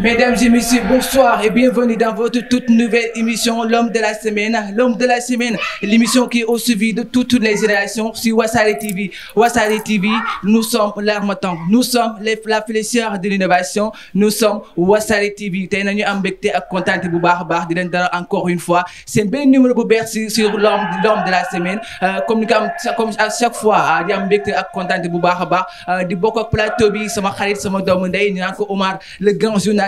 Mesdames et messieurs, bonsoir et bienvenue dans votre toute nouvelle émission L'homme de la semaine. L'homme de la semaine, l'émission qui est au suivi de toutes les générations sur Wassari TV. Wassari TV, nous sommes l'armatan, nous sommes les, la de l'innovation, nous sommes Wassari TV. Nous sommes am train ak kontaante bu encore une fois c'est bel numéro bu sur l'homme de la semaine euh, comme à chaque fois ah, di am mbégte ak kontaante bu baax a baax euh, di bokk ak plateau bi sama xarit sama Omar le grand journal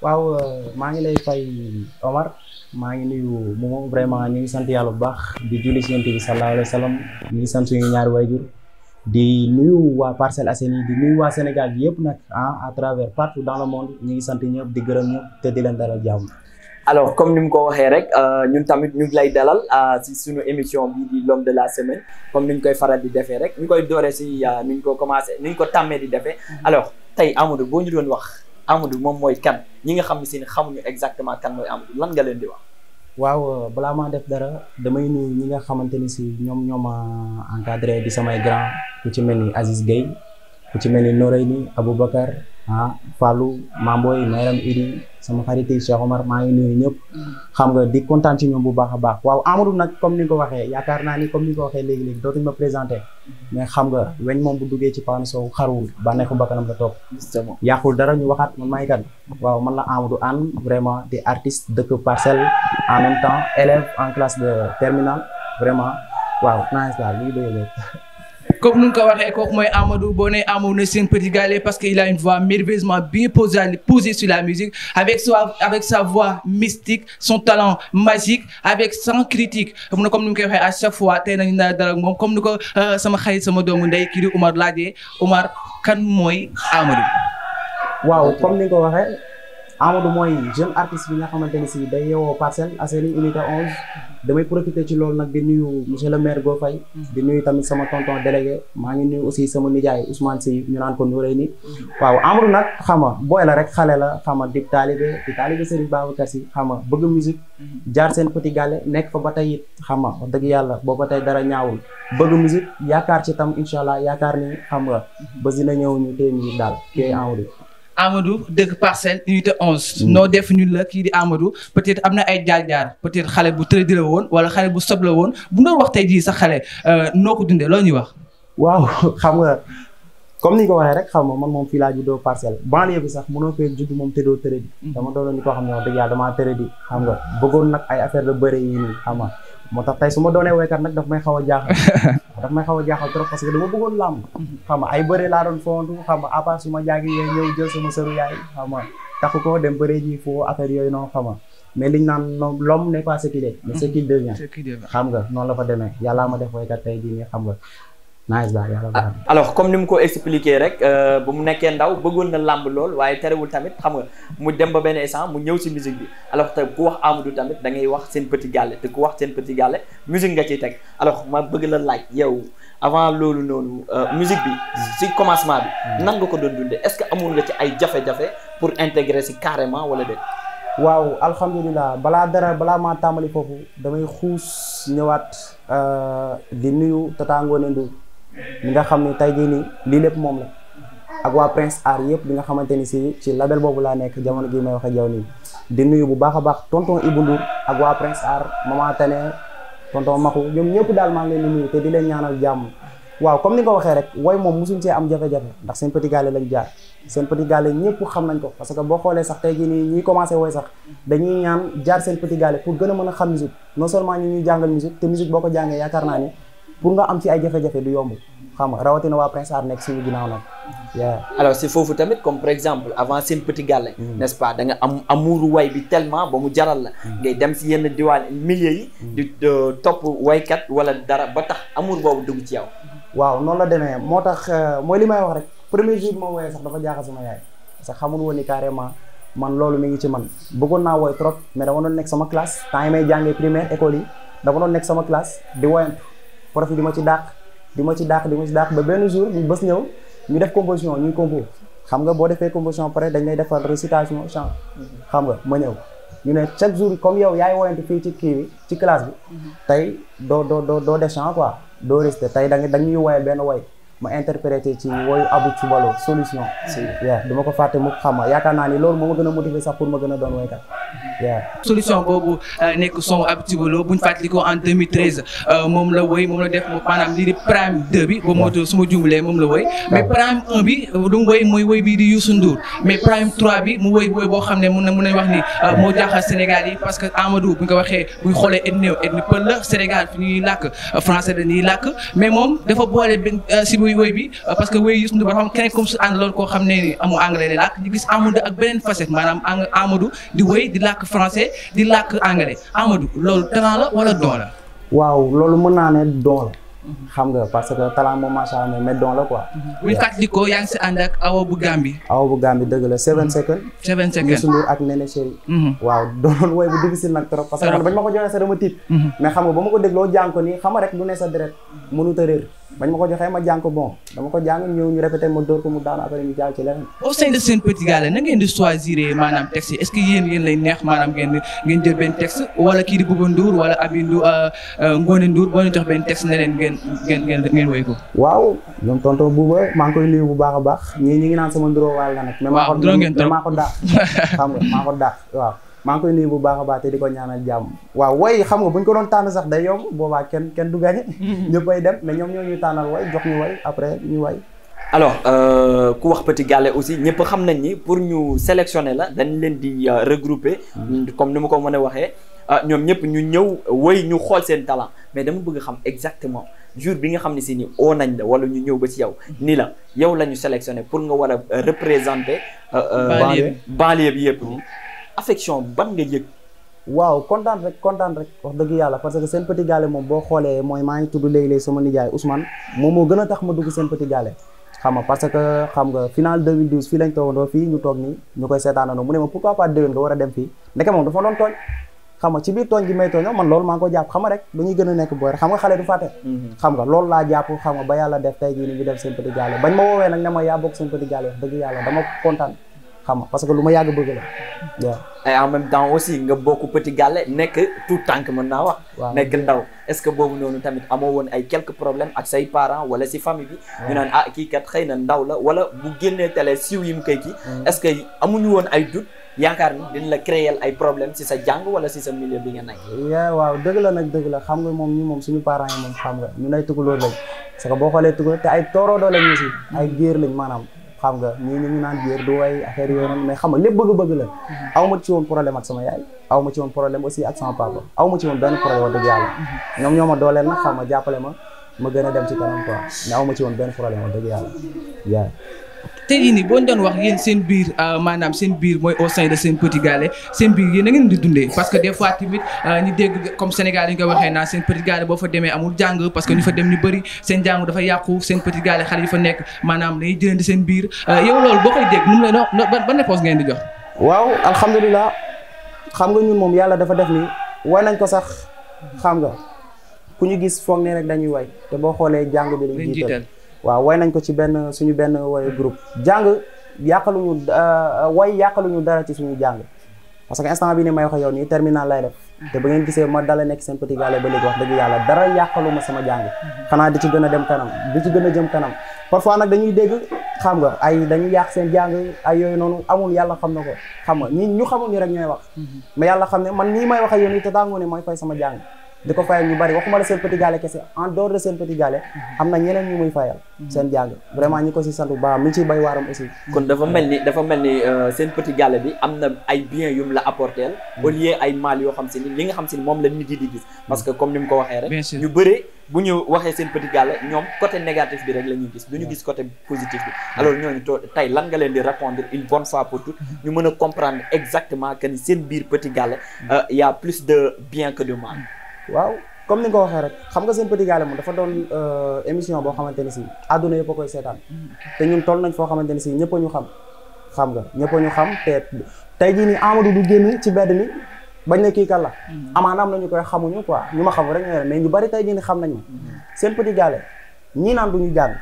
waaw maa ngi lay fay Omar maa ngi nuyu Momo vraiment ñu ngi sant yàlla bu baax di julli ci Yonent sallallahu alayhi wa sallam ñu ngi sant suñu ñaari wayjur di nuyu waa Parcelles Assainies di nuyu waa Sénégal yëpp nag ah à travers partout dans le monde ñu ngi sant ñëpp di gërëm ñëpp te di leen dalal jàmm. alors comme ni mu ko waxee rek ñun tamit ñu ngi lay dalal si suñu émission bi di l'homme de la semaine comme ni ñu koy faral di defee rek ñu koy dooree si ah, ni ñu ko commencé ni ñu ko tàmmee di defee mhm. alors tey Amadou boo ñu doon wax. Amadou moom mooy kan ñi nga xam ne si ne xamuñu exactement kan mooy Amadou lan nga leen di wax. waaw euh, balaa maa def dara damay nuyu ñi nga xamante ni si ñoom ñoo ma encadré di samay grand ku ci mel ni Aziz Gueye ku ci mel ni Noreyni Aboubacar. ah Fallou Mamboy Mayram Idi sama xarit yi Cheikh Omar maa ngi nuyu ñëpp xam nga di kontaan ci ñoom bu baax a baax waaw Amadou nag comme ni nga ko waxee yaakaar naa ni comme ni nga ko waxee léegi-léegi dootuñ ma présenté mais xam nga weñ moom bu duggee ci Paane Sow xaruwul bànneexu bakkanam la toog yàqul dara ñu waxaat man maay kan waaw man la Amadou Anne vraiment di artiste dëkk parcelle en même temps élève en classe de terminale vraiment waaw nice daal li comme nous nga dit, waxee kooku Amadou Bonnet, nee Amadou c'est un petit galet parce qu'il a une voix merveilleusement bien posée, posée sur la musique avec sa avec sa voix mystique son talent magique avec sans critique comme nous mu dit à chaque fois comme nous daal dit comme ni ko euh, sama xarit sama doomu ndey kii di Omar laajee Omar kan Amadou. waaw comme nous nga dit, Amadou Moy, jeune artiste bi nga xamante ne si parcelle, à Parcelles unité 11. damay profité ci loolu nag di nuyu monsieur le maire Go Faye di nuyu tamit sama tonton délégué maa ngi nuyu aussi sama nijaay Ousmane Sy ñu naan ko nuuree ni waaw Amadou nag xama booy la rek xale la xama di taalibe di taalibe Serigne Babacar Sy xama bëgg musique jaar seen petit gàlle nekk fa ba tey it xama wax dëgg yàlla boo ba tey dara ñaawul bëgg musique yaakaar ci tam incha allah yaakaar ni xam nga ba dina ñëw ñu téye ñu daal téye Amadou Amadou dëkk parcelle uit 11. noo def ñun la kii di Amadou peut-être am na ay jaar-jaar peut-être xale bu tëradi la woon wala xale bu sob la woon bu doon wax tey jii sax xale euh, noo ko dundee loo ñuy wax. waaw xam nga comme ni ko waxee rek xam nga man moom fii laa juddoo parcelle banlieue bi sax mënoo fee judd moom tëddoo tëradi. Mm. dama doon ni ko xam ne wax dëgg yàlla damaa tëradi xam nga bëggoon nag ay affaire la bëre yi nii xam moo tax tey su ma doonee woykat nag daf may xaw a jaaxal daf may xaw a jaaxal trop parce que dama bëggoon làmb xam ay bëre laa doon fontu xam nga su ma jaagi yee ñëw jël sama sëru yaay xam nga ko dem bëre ji foo affaire yooyu noonu xam nga mais liñ naan non l'homme n'est pas ce qu'il est mais ce xam nga noonu la fa demee yàllaa ma def woykat tey jii nii xam nga nice baax ah, alors comme ni mu ko expliqué rek euh, ba mu nekkee ndaw bëggoon na làmb lool waaye terewul tamit xam nga mu dem ba benn instant mu ñëw si musique bi alors te ku wax Amadou tamit dangay wax seen petit gàlle te ku wax seen petit gàlle musique nga ciy teg alors ma bëgg la laaj yow avant loolu noonu euh, musique bi si commencement bi hmm. nan nga ko doon dundee est-ce que amoon nga ci ay jafe-jafe pour intégrer si carrément wala déet waaw alhamdulilah balaa dara balaa maa tàmbali foofu damay xuus ñëwaat euh, di nuyu tataangoo ne li nga xamni tay tey ni li lepp mom la ak wa Prince Art yep bi nga xamanteni ci ci label bobu la nek jamono gi may wax ak yaw ni di nuyu bu baakha baax tonton Ibou Ndour ak wa Prince Art mama Tane tonton makou ñom ñepp dal ma ngi nuyu te di leen ñaanal jamm waaw comme ni nga waxe rek way mom musuñ ci am jafé jafé ndax seen petit galé lañ jaar seen petit galé ñepp xam nañ ko parce que bo xolé sax tay jii ni ñi commencé way sax dañuy ñaan jaar seen petit galé pour gëna mëna xam musique non seulement ñi ñuy jàngal musique te musique boko jàngé yaakar na ni pour nga am ci ay jafé jafé du yomb xam nga na wa Prince Art nekk suñu ginaaw nak yeah. alors c'est fofu tamit comme par exemple avant seen petit gàlle mm. n'est-ce pas da nga am amour way bi tellement ba mu jaral la mm. ngay dem ci yenn diwaan milier yi mm. di way kat wala dara ba tax amour bobu dug ci yow waaw non la démé motax euh, moy limay wax rek premier jour mo woyee sax dafa jaxa sama yaay parce xamul woni carrément man loolu mi ngi ci man bëggon na woy trop mais da doon nek sama classe tay may jangé primaire école yi da doon nek sama classe di woyantou prof yi di ma ci dàq di ma ci dàq di ma ci dàq ba benn jour ñu bés ñëw ñu def composition ñuy compo xam nga boo defee composition pare dañ lay defal récitation chant xam nga ma ñëw ñu ne chaque jour comme yow yaay woyante fii ci kii bi ci classe bi mhm. tey doo doo doo doo def chant quoi doo resté tey da nga dañuy woye benn woy ma interpréter ci woyu Abou Thioubalo solution. si waaw du ko faté mu xama yakarna ni loolu moma gëna motiver sax pour ma gëna don doon kat waaw solution bobu euh, nek son Abou Thioubalo bu ñu en 2013 euh, mom la woy mom la def maanaam lii di prime 2 bi. bo moo suma su mom la woy. mais prime 1 bi euh, du mu woy mooy woy bi di Youssou Ndour mais prime 3 bi mu woy woy bo xamné mu mun na mun nañu wax ni mo jaaxal Sénégal yi parce que Amadou buñ ko waxé bu xolé xoolee ethnie ethnie pël la Sénégal fi ñuy làkk français dañuy làkk mais mom dafa boole si woy woy bi euh, parce que woy Youssou Ndour di woy di làkk français di làkk la wala don la. waaw loolu mën naa ne don la. Mhm. xam nga parce que talent moom macha allah mais don la quoi. bu ñu fàttalikoo yaa ngi si ànd ak awa bu Gambie. awa bu Gambie dëgg la seven mhm. second. seven second Youssou Ndour ak Néné Chéri. Mhm. waaw doonoon nag trop. parce que man ma ko joxee sa dama tiit. mais xam nga ba ma ko dégloo jàng ko nii xam rek du ne sa deret mënut a bañ ma ko joxee ma jàng ko bon dama ko jàng ñëw ñu répété ma dóor ko mu daanu après ñu jàng ci leneen. au na ngeen di choisir maanaam texte yi est-ce que yéen yéen lay neex maanaam ngeen ngeen jël benn texte wala kii di Bouba Ndour wala Aby Ndour euh, euh, Ngoné boo leen jox benn texte ne leen ngeen ngeen ngeen woy ko. waaw ñoom tonton Bouba maa ngi koy nuyu bu baax a baax ñii ñi ngi naan sama nduróo waal la nag. waaw nduróo ngeen trop mais maa ko xam nga maa waaw. maa ngi koy nuyu bu baax a baax te di ko ñaanal jàmm waaw woy xam nga bu ñu ko doon tànn sax day yomb boobaa kenn kenn du gañe ñëppay dem mais ñoom ñoo ñu tànnal woy jox ñu woy après ñu woy alors euh, ku wax Petit Gallé aussi ñëpp xam nañ ni pour ñu sélectionner la dañ leen di euh, regrouper mm. comme ni ma ko mën a waxee ah, ñoom ñëpp ñu ñëw woy ñu xool seen talent mais dama bëgg xam exactement jour bi nga xam ne si ni oo nañ la wala ñu ñëw ba ci yow nii la yow la ñu sélectionné pour nga war a euh, représenter banlieue bi yëpp mm. affection ban nga yëg. waaw kontaan rek kontaan rek wax dëgg yàlla parce que seen petit moom boo xoolee mooy maa ngi tudd léegi-léegi sama nijaay Ousmane moom moo gën a tax ma dugg seen petit gallé. xam nga parce que xam nga fii lañ toogandoo fii ñu toog nii ñu koy seetaanandoo ma pourquoi pas a dem fii ndeke moom dafa doon tooñ. a nekk booy xam nga xale mm-hmm. laa jàpp xam nga ba yàlla def tey jii ni ñu def seen petit bañ ma woowee nag ne ma yaa seen petit wax dëgg yàlla dama kontaan xam nga parce que lu ma yàgg bëgg la waaw. et en même temps aussi nga nekk tout tànk mën naa wax. nekk ndaw est-ce que boobu noonu tamit amoo woon ay quelques problème ak say parents wala si famille bi. ñu naan ah kii kat xëy na ndaw la wala bu génnee télé siiw yi mu koy kii. Mm. ce que amuñu woon ay doute yaakaar ni dina la créer ay problèmes si sa jàng wala si sa milieu bi nga nekk. waaw dëgg la nag dëgg la xam nga moom moom suñu parent yi moom xam nga ñu nay tukulóor lañ parce que boo xoolee tukulóor te ay tooroo doo si ay géer lañ maanaam xam nga ñii ñu ngi naan biir du way affaire yooyu noonu mais xam nga lépp bëgg-bëgg la mhm. aw ma ci woon problème ak sama yaay aw ma ci woon problème aussi ak sama papa aw ma ci woon benn problème wax dëgg yàlla mhm. ñoom ñoo ma dooleel nag xam ma jàppale ma ma gën a dem ci kanam quoi mais ma ci woon benn problème wax dëgg yàlla yaay te jii nii boo ñu doon wax yéen seen biir euh, maanaam seen biir mooy au sein de seen petit galé seen biir yéen a di dundee parce que des fois tamit euh, ñu dégg comme Sénégal yi nga waxee naa seen petit galé boo fa demee amul jàng parce que ñu fa dem ñu bëri seen jàng dafa fa nekk maanaam dañuy jëlandi seen biir euh, yow loolu boo koy dégg nu mu la ban réponse ngeen di jox. waaw alhamdulilah xam nga ñun moom yàlla dafa def ni way nañ ko sax xam nga ku ñu gis foog ne rek dañuy way te boo xoolee jàng bi lañ jiital waaw way nañ ko ci benn suñu benn way groupe jàng yàqaluñu euh, way yàqaluñu dara ci suñu jàng parce que instant bi ni may wax yow nii terminal lay def te ba ngeen gisee ma dala nekk seen petit gallé ba léegi wax dëgg yàlla dara yàqalu ma sama jàng xanaa di ci gën a dem kanam di ci gën a jëm kanam parfois nag dañuy dégg xam nga ay dañuy yàq seen jàng ay yooyu noonu amul yàlla xam na ko xam nga ñi ñu xamul ñu rek ñooy wax mm-hmm. mais yàlla xam ne man nii may wax ak yow nii te daa ne mooy fay sama jàng di ko fayal ñu bari waxuma la seen petit gallé kese en dehors seen petit gallé am na ñeneen ñu muy fayal seen jàng vraiment ñi ko si sant bu baax mi ciy bay waaram aussi kon dafa mel ni dafa mel ni euh, seen petit gallé bi am na ay biens yum la apporteel au ay mal yoo xam si ni li nga xam si ni moom la nit yi di gis parce que comme ni mu ko waxee rek ñu bëri bu ñu waxee seen petit gallé ñoom côté négatif bi rek la gis du ñu gis côté positif bi alors ñooñu to tey lan nga leen di répondre une bonne fois pour a comprendre exactement que seen biir petit gallé euh, y a bien que de waaw comme ni nga ko waxee rek xam nga seen petit gallé moom dafa doon euh, émission boo xamante ne sii àdduna yëpp a koy seetaan te ñun toll nañ foo xamante ne si ñëpp ñu xam xam nga ñëpp ñu xam te tey jii nii Amadou du génn ci bedd mi bañ ne kii kan la am na ñu koy xamuñu quoi ñu ma xam rek mais ñu bari tey jii nii xam nañu ma seen petit gallé ñii naan du ñuy jàng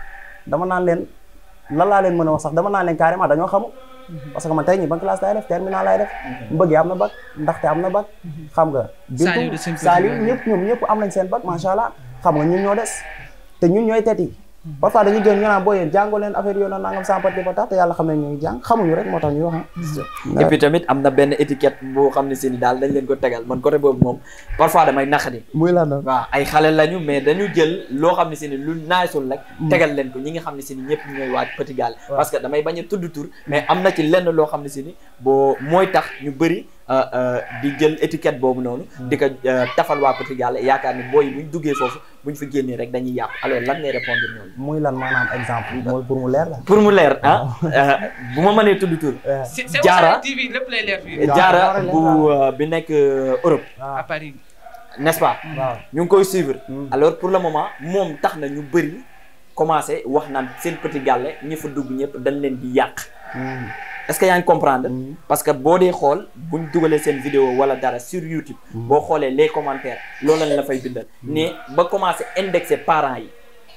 dama naan leen lan laa leen mën a wax sax dama naan leen carrément dañoo xamu Mm-hmm. parce que man tey ñi ban classe laay def terminal laay def mm-hmm. mbëgg am na bac ndaxte am na bac mm-hmm. xam nga bintu saali ñëpp ñoom ñëpp am nañ seen bac macha allah xam nga ñun ñoo des te ñun ñooy tet yi Mm-hmm. parfois dañuy jël ñu naan booy yéen jàngoo leen affaire yoo na nangam sans parti ba tax te yàlla xam ne ñu jàng xamuñu rek moo tax ñu wax mm-hmm. tamit am na benn boo xam ne si ni daal dañ leen ko tegal man côté boobu moom parfois damay naqari. muy lan la waaw ay xale lañu mais dañu jël loo xam ne si ni lu naajsul rek. Mm-hmm. tegal leen ko ñi nga xam ne si ni ñëpp ñooy waa Petit Galle. parce que damay bañ a tudd tur mais am na ci lenn loo xam ne si ni boo mooy tax ñu bëri Euh, euh, di jël étiquette boobu noonu. di ko euh, tafal waa Petit yaakaar ni booy bu ñu duggee foofu buñ fi génnee rek dañuy yàqu alors lan ngay répondre ñoom. muy lan maanaam exemple mooy pour mu leer pour mu leer ah, bu ma manee tudd tur. jaara jaara bu bi nekk Europe. à Paris. n'est-ce ñu ngi koy suivre. Mm. alors pour la moment moom tax na ñu bëri commencé wax naan seen Petit Gallé ñi fi dugg ñëpp dañ leen di yàq. Mm. est-ce que yaa ngi comprendre mm-hmm. parce que boo dee xool buñ dugalee seen vidéo wala dara sur YouTube mm-hmm. boo xoolee les commentaires loolu lañ la fay bindal mm-hmm. nii ba commencé indexé parent yi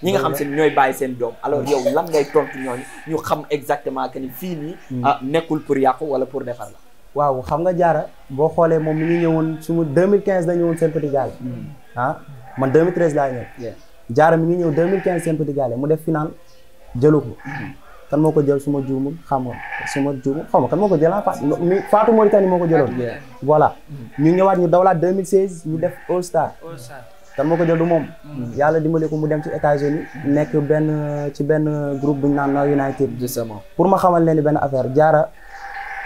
ñi nga xam si ñooy bàyyi seen doom alors yow lan ngay tontu ñooñu ñu xam exactement que ni fii nii ah nekkul pour yàqu wala pour defar la waaw xam nga jaara boo xoolee moom mi ngi ñëwoon su ma 2015 la ñëwoon seen petit gaale ah man 2013 laa ñëw jaara mi ngi ñëw 2015 seen petit gaale mu def final jëlu ko kan moko jël suma kamu, semua xam nga su ma xam kan moo ko apa Fatou Fatou Mauritanie moo ko iya. voilà ñu ñëwaat ñu dawlaat 2016 ñu def All Star. All Star kan moko jël du mom mm. yalla dimbali ko mu dem ci États-Unis nek ben ci ben groupe bu ñaan United. justement pour ma xamal leen ben affaire jaara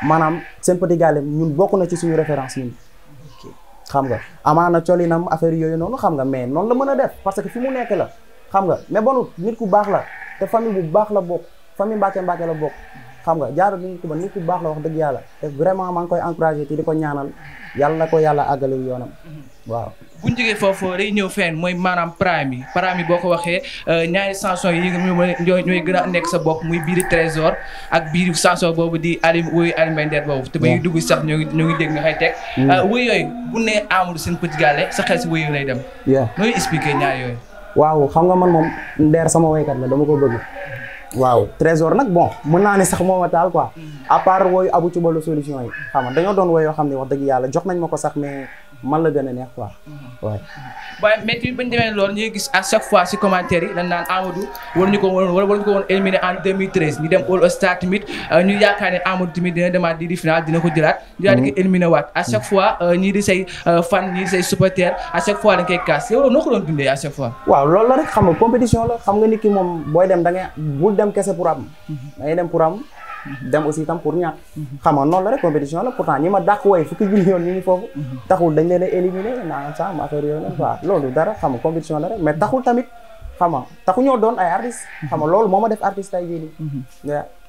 manam sen petit galem ñun bokku na ci suñu référence ñun. xam nga amana colinam affaire yoyu nonu xam nga mais non la mëna def parce que fi mu nekk la xam nga mais bonu nit ku bax la te famille bu bax la famille Mbacke Mbacke la bokk xam nga jaaro bi nit ku baax la wax dëgg yàlla te vraiment maa ngi koy encouragé te di ko ñaanal yàlla na ko yàlla àggale yoonam waaw buñ jógee foofu day ñëw fenn mooy maanaam prime yi prime yi boo ko waxee euh, ñaari chanson yi ñooy gën nekk sa bopp muy biiri trésor ak biiri chanson boobu di alim wooyu alimay boobu te dugg sax ñoo ngi ngi dégg nga xay teg mm. euh, wéy yooyu bu ne amul seen petit sa xel si wéy yooyu lay dem nooy expliqué ñaari yooyu waaw xam nga man moom ndeer sama waykat la dama ko bëgg waaw trésor nag bon mën naa ne sax moo ma taal quoi à part wooyu abu ci solution yi xam nga dañoo doon wooy yoo xam ne wax dëgg yàlla jox nañ ma ko sax mais man la gën a neex quoi. waaye mm-hmm. mais tamit bañ demee loolu ñu gis à chaque fois si commentaire yi dañ naan Amadou waruñu ko woon waruñu ko woon éliminé en 2013 ñu dem euh, ko jëlaat. ñu daal di mm-hmm. ko éliminé waat à chaque fois euh, ñii di say euh, fan ñii di say supporters à chaque fois dañ koy kaas yow ko doon dundee a chaque fois. waaw loolu la rek xam nga compétition la xam nga nit ki moom booy dem da ngay bul dem kese pour am. Mm-hmm. dem pour dem aussi tam pour ñàkk xam nga noonu la rek compétition la pourtant ñi ma dàq way fukki junni yoon ñu ngi dañ leen a éliminer naan sam affaire yooyu la waaw loolu dara xam nga compétition la rek mais taxul tamit xam nga taxu doon ay artistes xam loolu moo ma def artiste tay jii nii mhm.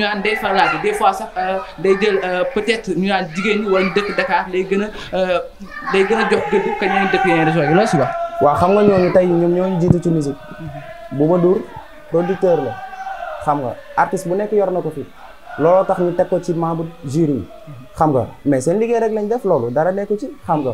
ñu naan fois sax euh, day jël euh, peut-être ñu naan jigéen ñi wala dëkk Dakar lay gën a day euh, gën a jox gëdd ka ñeneen dëkk yeneen région yi loolu si wax. waaw xam nga ñooñu tey ñoo ñu jiitu ci musique mhm. Bouba Ndour producteur la xam nga artiste bu nekk yor na ko fi looloo tax ñu teg ko ci membre jury mhm. xam nga mais seen liggéey rek lañu def loolu dara nekk ci xam nga.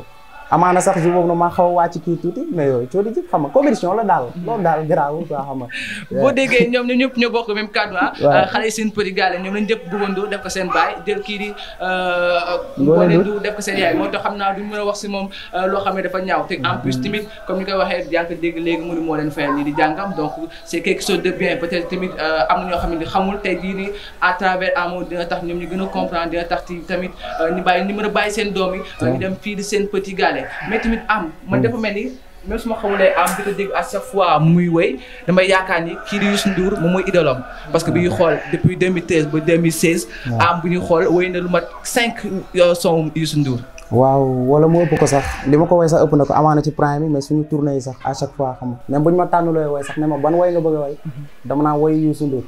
amaana sax jour boobu nag maa xaw a wàcc kii tuuti mais yooyu coono ji xam nga compétition la daal. Mm. loolu daal garaawul quoi xam nga. boo déggee ñoom ñun ñëpp ñoo bokk même kàddu ah. waaw ah, xale yi seen petit gaale ñoom lañ jëpp bëggandoo def ko seen baay jël kii di. Euh, ngoone du def ko seen yaay moo tax xam naa duñ mën a wax si moom euh, loo xam ne dafa ñaaw te en mm. plus tamit comme ni koy waxee yaa ngi ko dégg léegi mu ni moo leen fayal nii di jàngam donc c' est quelque chose de bien peut être tamit euh, am na ñoo xam ne xamul tey jii nii à travers amoo dina tax ñoom ñu gën a comprendre dina tax tamit ñu bàyyi ñu mën a bàyyi seen doom yi ñu dem fii di seen petit gaale sénégalais mais tamit am man mm. dafa mel ni même su ma am di ko dégg à chaque fois muy woy damay yaakaar ni kii di Youssou Ndour moom mooy idoolam parce que bi ñuy xool depuis 2013 ba 2016. am bu ñuy xool woy na lu mat cinq euh, son Youssou Ndour. waaw wala mu ëpp ko sax li ma ko woy sax ëpp na ko amaana ci prime yi mais suñu tournée yi sax à chaque fois xam même bu ñu ma tànn looy woy sax ne ban woy nga bëgg a woy mm-hmm. dama naa woy Youssou Ndour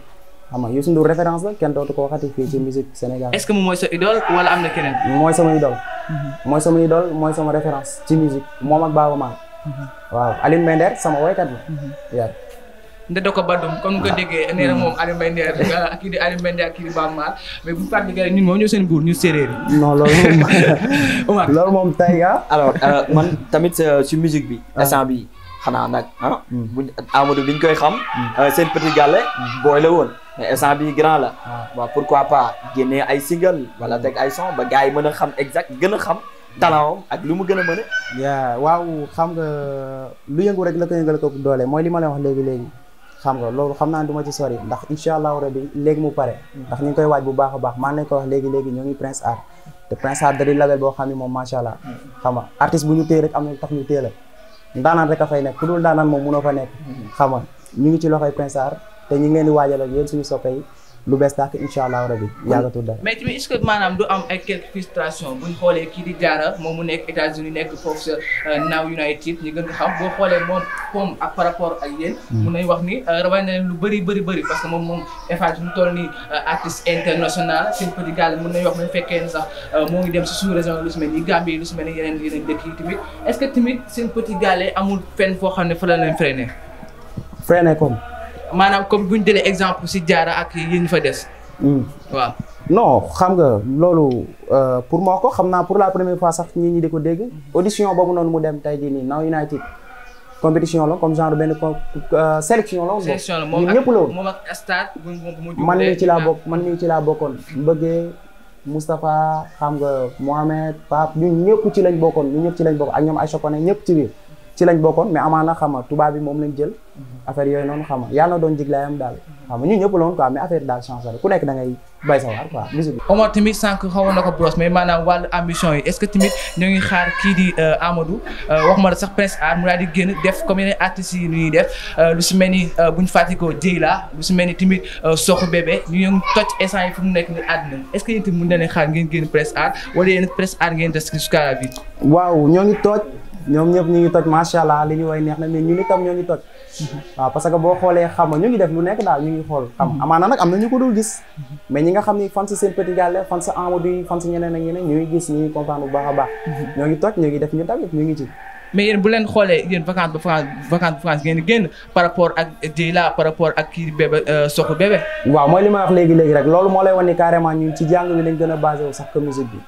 xam nga Youssou Ndour référence la kenn dootu ko waxati fii ci musique Sénégal. est-ce que moom mooy sa idole wala am na keneen. mooy sama idol. Mhm. mooy sama idol mooy sama référence ci musique moom ak Baaba Maal. Mhm. waaw Aline Mender sama woykat la. Mhm. yaa nda doko badum comme nga ah. déggee nee na mm. moom Aline Mender ah, ak kii di Aline Mender ak kii di Baaba Maal mais bu fàttali gars ñun moom ñoo seen buur ñu séeréer yi. non loolu moom loolu moom tey ah. alors euh, man tamit euh, ci musique bi ah. instant bi xanaa nag ah. Mm. buñ Amadou biñ koy xam. Mm. Euh, seen petit gàlle booy la woon. mais instant bi grand la. Ah. waaw pourquoi pas génnee ay single. wala teg ay son ba gaa yi mën a xam exact gën a xam. talawam ak lu mu gën a mën a. waaw xam nga lu yëngu rek la ko yëngal ko doole mooy li ma la wax léegi léegi. xam nga loolu xam naa du ma ci sori ndax incha allahu rabi léegi mu pare. ndax ñu ngi koy waaj bu baax a baax maa ngi leen ko wax léegi léegi ñoo ngi Prince Art te Prince Art da di boo xam ne moom macha allah. xam nga artiste bu ñu téye rek am na tax ñu téye la. ndaanaan rek a fay nekk ku dul ndaanaan moom nekk. Mm-hmm. xam ñu ngi ci loxoy Prince te ñu ngi di waajal ak yéen suñu soppe yi lu bees tàkk incha allah rabi yàggatul dara. mais tamit est-ce que maanaam du am ay quelques frustrations bu xoolee kii di jaara moom mu nekk États-Unis nekk foofu sa euh, Now United ñu gën ko xam boo xoolee moom comme ak par rapport ak yéen. Hmm. mun nañu wax ni euh, rawal na leen lu bëri bëri bëri parce que moom moom Eiffage fi mu toll nii euh, artiste international seen petit gàll mun nañu wax bu fekkee ne sax moo ngi dem si sous région lu si mel ni Gambie lu si mel ni yeneen yeneen dëkk yi tamit est-ce que tamit seen petit gàll amul fenn foo xam ne fa la leen freiné. freiné maanaam comme bu ñu jëlee exemple si jaar ak yi ñu fa des. Hmm. waaw. non xam nga loolu euh, pour moo ko xam naa pour la première fois sax ñii ñi di ko dégg audition boobu noonu mu dem tey jii nii Now United compétition la comme genre benn euh, sélection la. sélection la moom ak moom ak stade man mii ci laa bokk man mii ci laa bokkoon bëggee Moustapha xam nga Mohamed Pape ñun ñëpp ci lañ bokkoon ñun ñëpp ci lañ bokk ak ñoom ay Chopin ñëpp ci biir. ci lañ bokkoon mais amaana xama tubaab bi moom lañ jël affaire yooyu noonu xama yàlla na doon jiglaayam daal xama ñun ñëpp loon quoi mais affaire daal changé ku nekk da bay sa waar quoi musique bi Omar tamit sànq ko brosse mais di euh, euh, wax ma la sax Prince Art mu daal di génn def comme yeneen artistes yi ñuy def euh, lu si mel ni buñ fàttikoo Dieyla lu si mel ni tamit Sokh Bébé ñu ngi toj essence yi fu mu nekk ni àddina est-ce que yéen tamit mën na leen xaar ngeen génn Prince Art wala yéen Prince waaw ñoo ñom ñep ñi ngi toj macha allah li ñu way neex na mais ñun itam ñoo ngi toj wa parce que bo xolé xam ñu ngi def lu nekk daal ñu ngi xol xam amana nak amna na ñu ko dul gis mais ñi nga xam ni fan si seen petit galle fan si Amadou yi fan si ñeneen ak ñeneen ñu ngi gis ñu ngi comprendre bu baax baax ñoo ngi toj ñu ngi def ñu tamit ñu ngi ci mais yeen bu len xolé yeen vacances ba France vacances France ngeen génn par rapport ak la par rapport ak ki bébé euh, soxu bébé wa moy li ma wax légui légui rek lolu mo lay wone carrément ñun ci jang bi lañ gëna baser sax que musique bi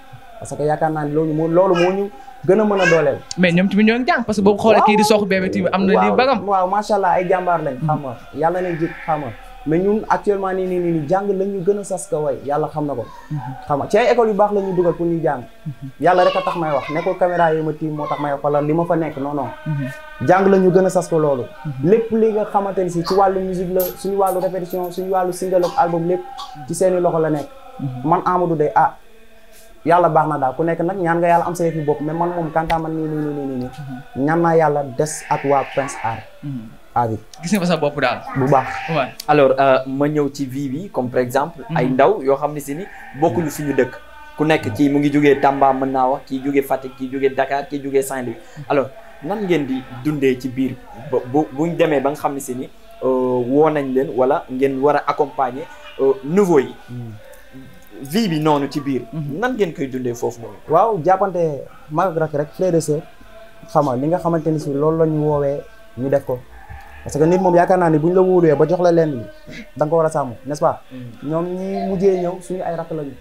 parce que yaakaar naa ne loolu moo loolu moo ñu gën a mën a dooleel mais ñoom tamit ñoo ngi jàng parce que boo xoolee kii di sox bébé tamit am na li bagam waaw macha allah ay jàmbaar lañ xam nga hmm. yàlla xam nga mais actuellement nii nii nii jàng la ñu gën a sas ka way yàlla xam na ko hmm. xam nga ci ay école yu baax hmm. ma tiim moo tax may wax li ma fa nekk non non jàng la gën a sas ko loolu lépp li nga xamante ni si ci wàllu musique la suñu wàllu répétition suñu wàllu single ak album lépp ci seeni loxo la nekk man Amadou Day ah yalla baxna da ku nek nak ñaan nga yalla am sa yefi bop mais man mom kanta man ni ni ni nii mhm. ñaan naa yàlla des ak wa Prince Art. Mhm. avi gis nga sa bop daal. bu baax alors euh, ma ñew ci vie bi comme par exemple. ay mhm. ndaw yo xamni ne bokku ni suñu dëkk. ku nek ci mu ngi joggé Tamba mën naa wax ki joggé Fatick ki joggé Dakar ki joggé Saint-Louis alors nan ngeen di dundé ci biir bu buñ demee ba nga xamni ne euh wo nañ leen wala ngeen wara accompagner euh nouveau yi. Hmm. vie bi noonu ci biir. Mhm. nan ngeen koy dundee foofu noonu. waaw jàppante mag ak rakk rek frère et sœur xam nga li nga xamante ni si loolu la ñu woowee ñu def ko parce que nit moom yaakaar naa ni bu ñu la wóoluwee ba jox la leen da ko war a sàmm n'est-ce mhm. ñoom ñi mujjee ñëw suñu ay rakk lañu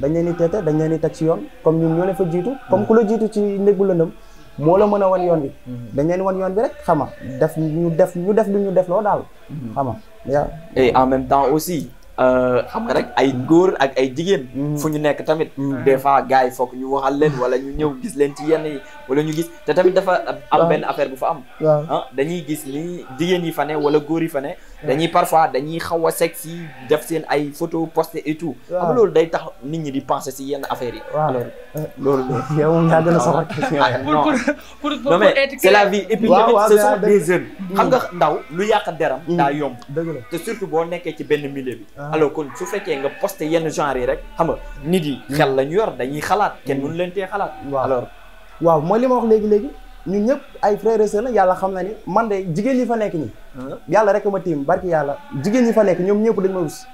dañ leen di teete dañ leen di teg ci yoon comme ñun ñoo leen fa jiitu. Mhm. comme ku la jiitu ci néeg bu lëndëm moo la mën a wan yoon bi. dañ leen wan yoon bi rek xam nga def ñu def ñu def lu ñu def daal. xam nga et en même temps aussi. Euh, xam nga rek ay góor ak ay jigéen. Mm. fu ñu nekk tamit. Mm. des fois gars yi foog ñu waxal leen wala ñu ñëw gis leen ci yenn yi wala ñu gis te tamit dafa am benn affaire bu fa am. Ah, dañuy gis ni jigéen yi fa ne wala góor yi fa ne. dañuy parfois dañuy xaw a sexe yi def seen ay photo posté et tout. waaw xam day tax nit ñi di pensé si yenn affaires yi. waaw loolu loolu. yow yaa gën a soxla ah, question ah, non non mais c'est nga mm. ndaw lu yàq deram daa yomb. dëgg la te surtout boo nekkee ci benn milieu bi. alors kon su fekkee nga posté yenn genre yi rek xam nga nit yi hmm. xel lañu yor dañuy xalaat kenn hmm. mënu leen tee xalaat alors waaw mooy li ma wax léegi léegi ñun ñëpp ay frères et sœurs yàlla xam na ni man de jigéen ñi fa nekk ñi hmm. yàlla rek ma tiim barki yàlla jigéen ñi fa nekk ñoom ñëpp dañ ma rus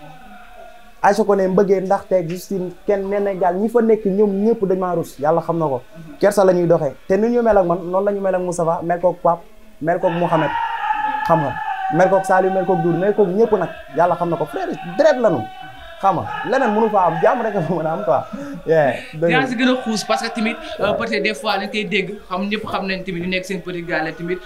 Aïcha ko ne mbëggee ndax tey Justine kenn nee na gaal ñi fa nekk ñoom ñëpp dañ maa rus yàlla xam na ko kersa la ñuy doxee te ni ñu mel ak man noonu la ñu mel ak Moustapha mel koog Pape mel koog Mouhamed xam nga mer koog Saliou mer koog Doudou mer koog ñëpp nag yàlla xam na ko frère deret la nu xam nga leneen mënu fa am jàmm rek fa mën am quoi. dinaa si gën parce que tamit euh, peut-être des fois dañ koy xam ñëpp xam nañ tamit ñu nekk seen petit gàllé tamit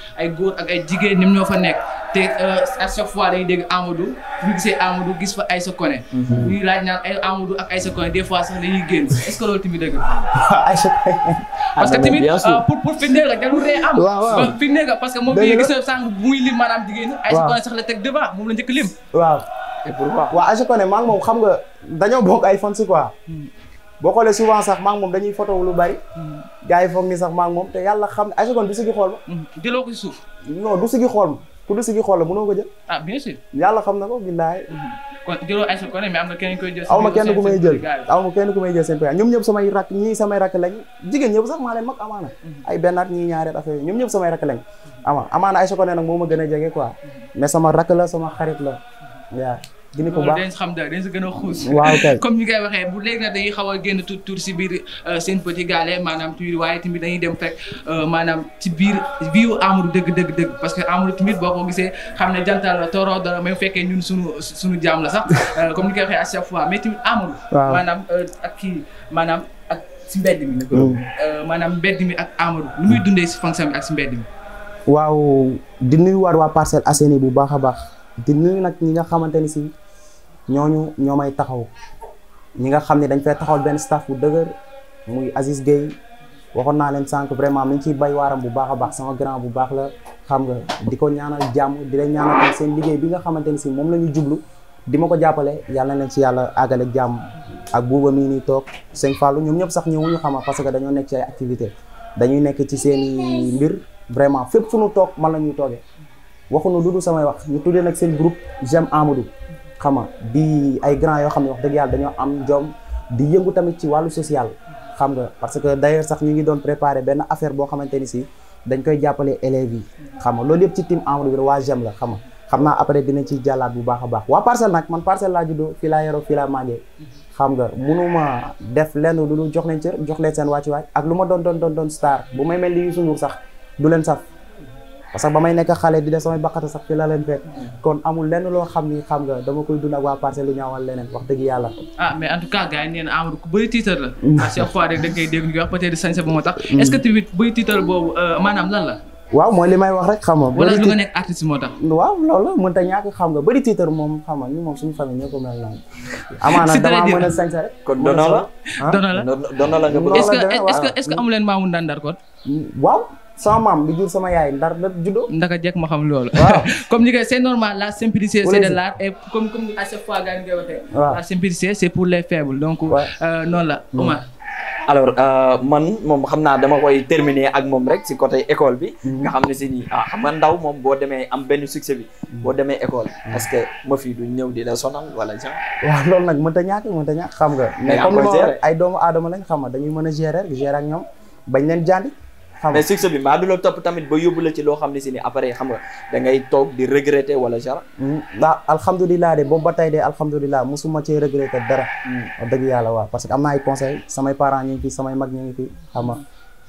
ñoo fa nekk te euh, à chaque fois dañuy ñu gisee Amadou gis fa Aïssa Koné. Mhm. ñuy ay Amadou ak des fois sax que loolu tamit dëgg. parce que ah, tamit euh, pour pour fi am. parce que moom dañuy gis sànq muy lim maanaam jigéen ñi. waaw teg devant moom la njëkk lim. et pourquoi waaw Aji Koné maa moom xam nga dañoo bokk ay fans quoi. Hmm. boo xoolee souvent sax maa ngi moom dañuy photo lu bari. Hmm. gars yi foog ni sax maa moom te yàlla xam ne Aji Koné du sigi xool ma. Hmm. jëloo ko ci suuf. non xool ma ku xool la ko jël. ah bien yàlla xam na ko billaay. kon jëloo Aji Koné mais na kenn koy jël. aw ma kenn ku may jël aw ma kenn ku may jël seen ñoom ñëpp samay rakk ñii samay rakk lañ jigéen ñëpp sax leen mag amaana. ay benn at ñii ñaari at ñoom ñëpp samay rakk lañ. ama amaana Aji Koné nag moo ma gën a jege quoi mais sama rakk la sama xarit la waaw gën ko baax xam da dañ si gën a xuus. waaw kay comme ñu koy waxee bu léegi nag dañuy xaw a génn tuuti tuuti si biir euh, seen petit gaale maanaam tuuti waaye tamit dañuy dem fekk euh, maanaam ci biir biiru Amadou dëgg dëgg dëgg parce que Amadou tamit boo ko gisee xam ne jantal la tooroo dara même fekkee ñun suñu suñu jaam la sax euh, comme ñu koy waxee à chaque fois mais tamit Amadou. waaw ak kii maanaam ak si mbedd mi. Mm. maanaam mbedd mi ak Amadou lu muy dundee si fonction ak si mbedd mi. waaw di nuyuwaat waa Parcelles Assainies bu baax a baax. di nuyu nag ñi nga xamante ni si ñooñu ñoo may taxaw ñi nga xam ne dañ fay taxaw benn staff bu dëgër muy Aziz Gueye waxoon naa leen sànq vraiment mi ngi ciy bay waaram bu baax a baax sama grand bu baax la xam nga di ko ñaanal jàmm di leen ñaanal seen liggéey bi nga xamante ni si moom la ñu jublu di ma ko jàppale yàlla na leen ci yàlla àggale jàmm ak buuba mii nii toog sëñ Fallou ñoom ñëpp sax ñëwuñu xama parce que dañoo nekk ci activité dañuy nekk ci seen mbir vraiment fépp fu nu toog man la ñuy toogee waxuñu du dul samay wax ñu tuddee nag seen groupe J'aime Amadou xam nga di ay grand yoo xam ne wax dëgg yàlla dañoo am jom di yëngu tamit ci wàllu social xam nga parce que d'ailleurs sax ñu ngi doon préparer benn affaire boo xamante ni si dañ koy jàppale élèves yi xam nga loolu yëpp ci team Amadou bi waa la xam nga xam naa après dinañ ci jàllaat bu baax a baax waa parcelle nag man parcelle laa juddoo fii laa yoroo fii laa màggee xam nga munuma def lenn lu dul jox leen jox leen seen wàccuwaay ak lu ma doon doon doon doon star bu may mel ni Youssou sax du leen saf parce que bamay nek xalé xale di def samay baqata sax fi la len fek kon amul len lo xamni xam nga dama koy dund ak wa parcelle lu ñawal lenen wax deug yalla ah mais en tout cas gaay yi Amadou ku beuy titeur la à chaque fois rek da ngay dégg ñu wax peut être sañse ba moo tax mm. est ce que tu beuy titeur bobu euh, manam lan la waaw moy limay wax rek xam nga wala lu nga nek artiste mo tax waaw lolu mën ta ñak xam nga beuy titeur mom xam nga ñu mom suñu famille ñoko mel noonu amana dama mën a sañse rek kon donala donala donala la dono la nga est ce que est ce que amulen leen maamu ndandar kon waaw sama maam bi jur sama yaay ndar la juddoo. ndaka jekk ma xam loolu. waaw comme ni ko c'est normal la simplicité c'est de l'art et comme comme à chaque fois gars yi ngay waxee. waaw la simplicité c'est pour les faibles donc. Euh, noonu la hmm. Omar. alors euh, man moom xam naa dama koy terminer ak moom rek si côté école bi. Hmm. nga xam ne si nii ah xam nga ndaw moom boo demee am benn succès bi. Hmm. boo demee école parce que ma fii du ñëw di la sonal wala genre. waaw loolu nag mënta ñàkk mënta ñàkk xam nga. mais comme ay doomu aadama lañ xam nga dañuy mën a gérer gérer ak ñoom bañ leen jàndi mais succès bi mbaa du la topp tamit ba yóbbu la ci loo xam ne après xam nga da ngay toog di regretter wala jara. Mm, ah alhamdulilah de boobu ba tey de alhamdulilah musuma cee regretter dara. Mm. wax dëgg yàlla waaw parce que am na ay conseils samay parents ñu fi samay mag ñu ngi fi xam nga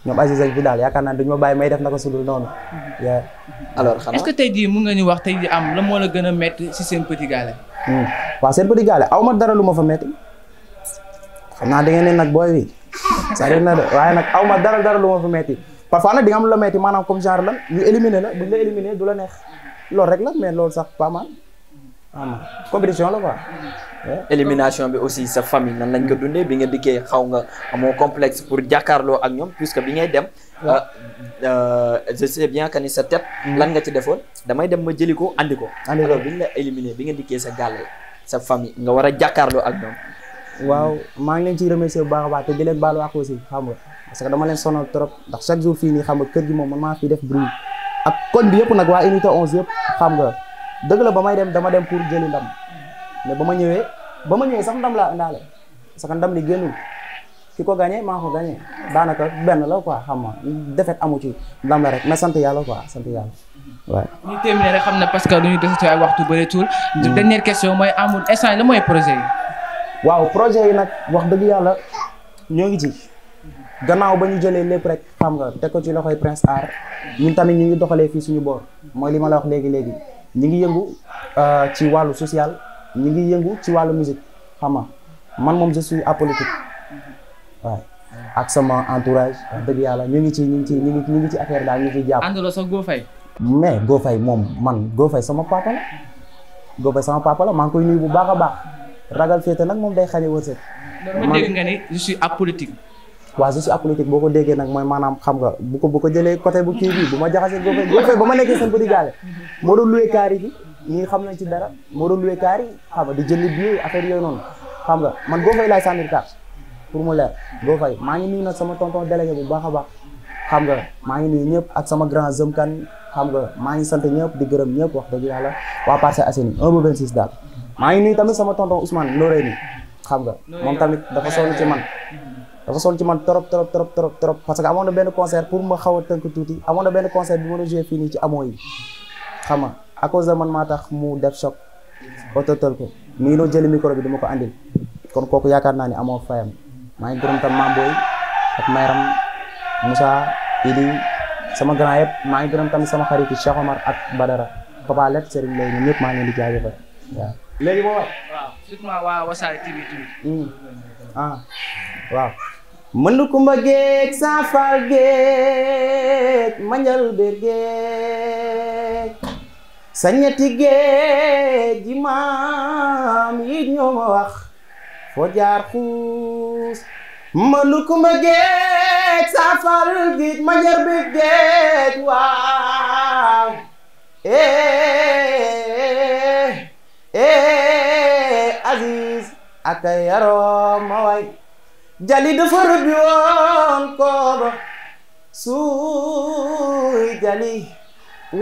ñoom Aziz ak Bilal yaakaar naa duñu ma bàyyi may def naka sudul noonu. Mm-hmm. alors xanaa est-ce que tey jii mun nga ñu wax am la moo la a si petit gallé. Mm. waaw seen petit gallé aw dara lu fa métti xam da ngeen ne nag dara dara fa parfois nag bi nga am la metti maanaam comme genre lan ñu éliminer la buñ la éliminer du la neex loolu rek la mais loolu sax pas mal am compétition la quoi. élimination bi aussi sa famille nan lañ ko dundee bi nga dikkee xaw nga amoo complexe pour jàkkaarloo ak ñoom puisque bi ngay dem. Ah, euh, je sais bien que ni sa tet mm-hmm. lan nga ci defoon damay dem ma jëli ko andi ko. andi ko bi ñu la éliminé bi nga dikkee sa gàllal sa famille nga war a jàkkaarloo ak ñoom. waaw maa ngi leen ciy remercier bu baax a baax te di leen baalu parce que dama len sonal trop ndax chaque jour fi ni xam nga kër gi mom man ma fi def bruit ak kon bi yëpp nak wa unité 11 yëpp xam nga deug la bamay dem dama dem pour jëli ndam mais bama ñëwé bama ñëwé sax ndam la indaale sax ndam li génnul ki ko gagné ma ko gagné daanaka ben la quoi xam nga defet amu ci ndam la rek mais sant yalla quoi sant yalla waaw. ñu terminé rek xam na parce que lu ñu dese ay waxtu bëré tour mm. dernière question moy amul essence la moy projet yi. waaw projet yi nak wax deug yalla ñoo ngi ci gannaaw bañu jëlé jëlee lépp rek xam nga té ko ci loxoy Prince Art ñun tamit ñu ngi doxalé fi suñu bor moy li ma la wax légui légui ñi ngi yëngu ci walu social ñi ngi yëngu ci walu musique xama man mom je suis apolitique waaw ak sama entourage deug yalla ñu ngi ci ñu ci ñu ngi ñu ngi ci affaire da ñu ci japp jàpp. àndaloo sax Go fay mais Go fay mom man Go fay sama papa la Go fay sama papa la maa ngi koy nuyu bu baaxa baax ragal fete nak mom day xañe wërsëg. man dégg nga ni je suis apolitique waa je suis apolitique boo ko déggee nag mooy xam nga bu ko bu ko jëlee côté bu ki bi buma ma jaxasee gofe gofe ba ma nekkee seen petit gaale moo doon loué kaar yi ñi xam nañ ci dara moo doon loué kaar xam nga di jël billet affaire yoy non xam nga man goofay lay sandir carte pour mu leer goofay ma ngi nuyu nag sama tonton délégué bu baxa bax xam nga ma ngi nuyu ñëpp ak sama grand zëm kan xam nga ma ngi sant ñëpp di gërëm ñëpp wax dëgg yalla wa Parcelles asini 126 dal ma ngi nuyu tamit sama tonton Ousmane Noreyni xam nga mom tamit dafa sonu ci man dafa sol ci man torop torop torop torop torop parce que amoon ben concert pour ma xawa teunk touti tuuti ben concert bi mën jouer fini ci amoo yi xam nga cause de man ma tax mu def choc autotol ko mi no jël micro bi dama ko andil kon koku yakar naa ni amoo fayam ma ngi gërum tam Mamboy ak Mayram musa Idi sama grand yeb ma ngi gërum tam sama xarit Cheikh Omar ak Badara Papa Let Serigne Lay ñepp ma ngi leen di jaajëfal waaw. léegi moo wax. waaw surtout tv Wassare TV hmm. ah wow mëndu kumba géej saafara géej manjal beer géej sañeti géej ji maam yi ñoo ma wax foo jaar xuus mëndu kumba géej saafara géej manjal beer géej waaw ee eh, ee eh, eh, Aziz aka yaroo ma way jali dafa rëbbi woon kooba suuy jali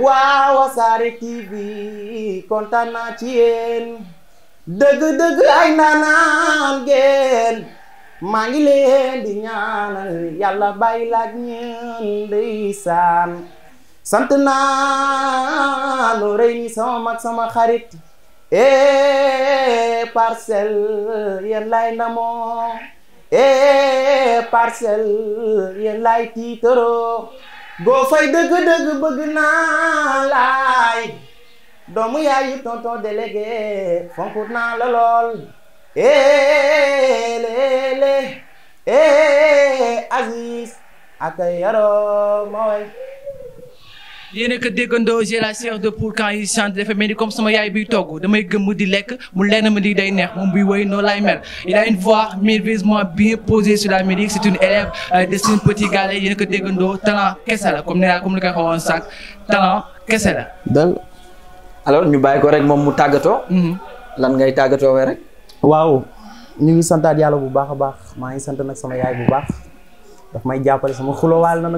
waaw Wassare TV kontaan naa ci yéen dëgg-dëgg ay naanaan ngeen maa ngi leen di ñaanal yàlla bàyyi laaj ñeen ndeysaan sant naa lu rëy ni sama mag sama xarit e parcelle yéen lay Eh, eh, eh parcelle yéen laay tiitaroo goo fay dëgg-dëgg bëgg naa laay doomu yaayu tonton délégué fonkur naa la lool eh, eh léelé eh Aziz ak yaroo mooy yéen a ko déggandoo j'ai la chair de poule quand il chante dafa mel ni comme sama yaay biy togg damay gëmm di lekk mu lenn ma lii day neex moom buy woy noonu laay mel il a une voix merveilleusement bien posée sur la musique c'est une élève euh, de Sen Petit Gallé a déggandoo talent kese la comme nee naa comme li koy xawoon sànq talent kese la. donc alors ñu bàyyi ko rek moom mu tàggatoo. Mhm. lan ngay tàggatoo rek. waaw ñu ngi santaat yàlla bu baax a baax maa ngi sant nag sama yaay bu baax daf may jàppale sama xulóowaal na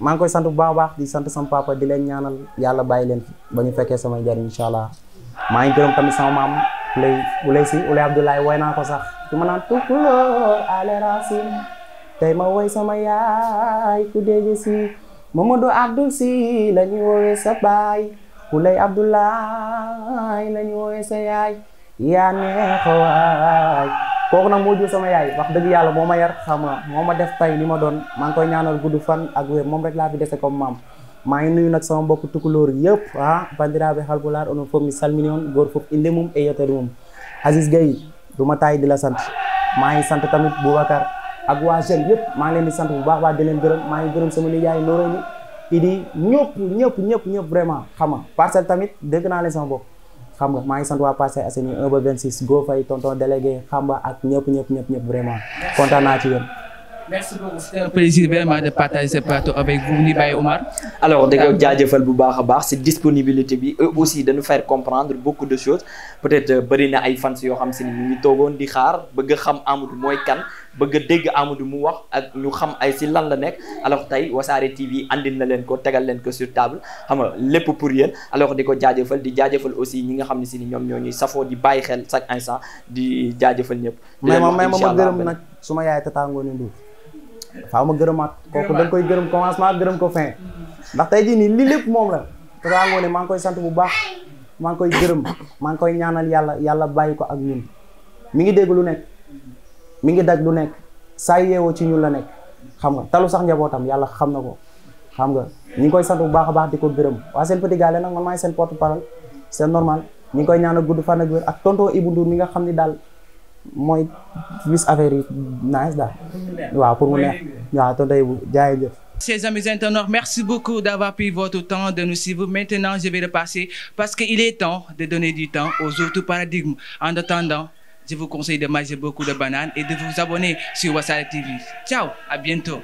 maa ngi koy sant bu baax baax di sant sama papa di leen ñaanal yàlla bàyyi leen ba ñu fekkee sama njariñ incha allah maa ngi gërëm tamit sama maam ulay ulay si ulay Abdoulaye woy naa ko sax ci ma naan tukkulóor ale rasin tey ma woy sama yaay ku déje si Mamadou Abdoul si la ñu woowee sa baay ulay Abdoulaye la ñu woowee sa yaay yaa neex waay kooku nag moo jur sama yaay wax dëgg yàlla moo ma yar xama moo ma def tay li ma doon maa ngi koy ñaanal gudd fan ak wér moom rek laa fi dese comme maam maa ngi nuyu nag sama mbokk tukulóor yëpp ah bandiraɓe halpular onon fof mi salmini on goor fof inde mum e yettere mum Aziz Gueye du ma taay di la sant maa ngi sant tamit Boubacar ak waa jeune yëpp maa ngi leen di sant bu baax baax di leen gërëm maa ngi gërëm sama nijaay Noreyni idi ñëpp ñëpp ñëpp ñëpp vraiment xama parcelle tamit dégg naa leen sama bopp xam nga maa ngi sant waa Parcelles Assainies 1 ba 26 goo fay tonton délégué xam nga ak ñëpp ñëpp ñëpp vraiment kontaan naa ci yéen. merci beaucoup c'est un plaisir vraiment de partager ce plateau avec vous Ndibaye Omar. alors si euh, disponibilité bi eux aussi dañu faire comprendre beaucoup de choses peut-être que euh, na ay fans yoo xam si ni ñu ngi toogoon di xaar bëgg a dit, Amadou mooy kan bëgg a dégg Amadou mu wax ak ñu xam ay lan la alors TV andil na ko tegal leen ko sur table xam nga pour yéen alors di ko di jaajëfal aussi ñi nga xam ñuy di bàyyi xel chaque instant di jaajëfal ñëpp. may ma may ma ma suma yaay tataangoo ni faaw ma ak kooku da nga koy gërëm commencement gërëm ko fin ndax tay ji ni li lepp mom la Touba Ngoné ne mang koy sant bu baax mang koy gërëm mang koy ñaanal yalla yalla bayiko ak ñun mi ngi dégg lu nekk mi ngi dag lu nekk saa ci ñu la nekk xam nga talu sax njabotam yalla xam nako xam nga ñi koy sant bu baax baax diko ko gërëm waa seen petit gallé nak man may seen porte parole c'est normal ñi koy ñaanal gudd fan ak wër ak tonton Ibou Ndour mi nga xamni dal mooy gis avéré nice da pour mu neex jaay Chers amis internautes, merci beaucoup d'avoir pris votre temps de nous suivre. Maintenant, je vais le passer parce qu'il est temps de donner du temps aux autres paradigmes. En attendant, je vous conseille de manger beaucoup de bananes et de vous abonner sur Wassare TV. Ciao, à bientôt.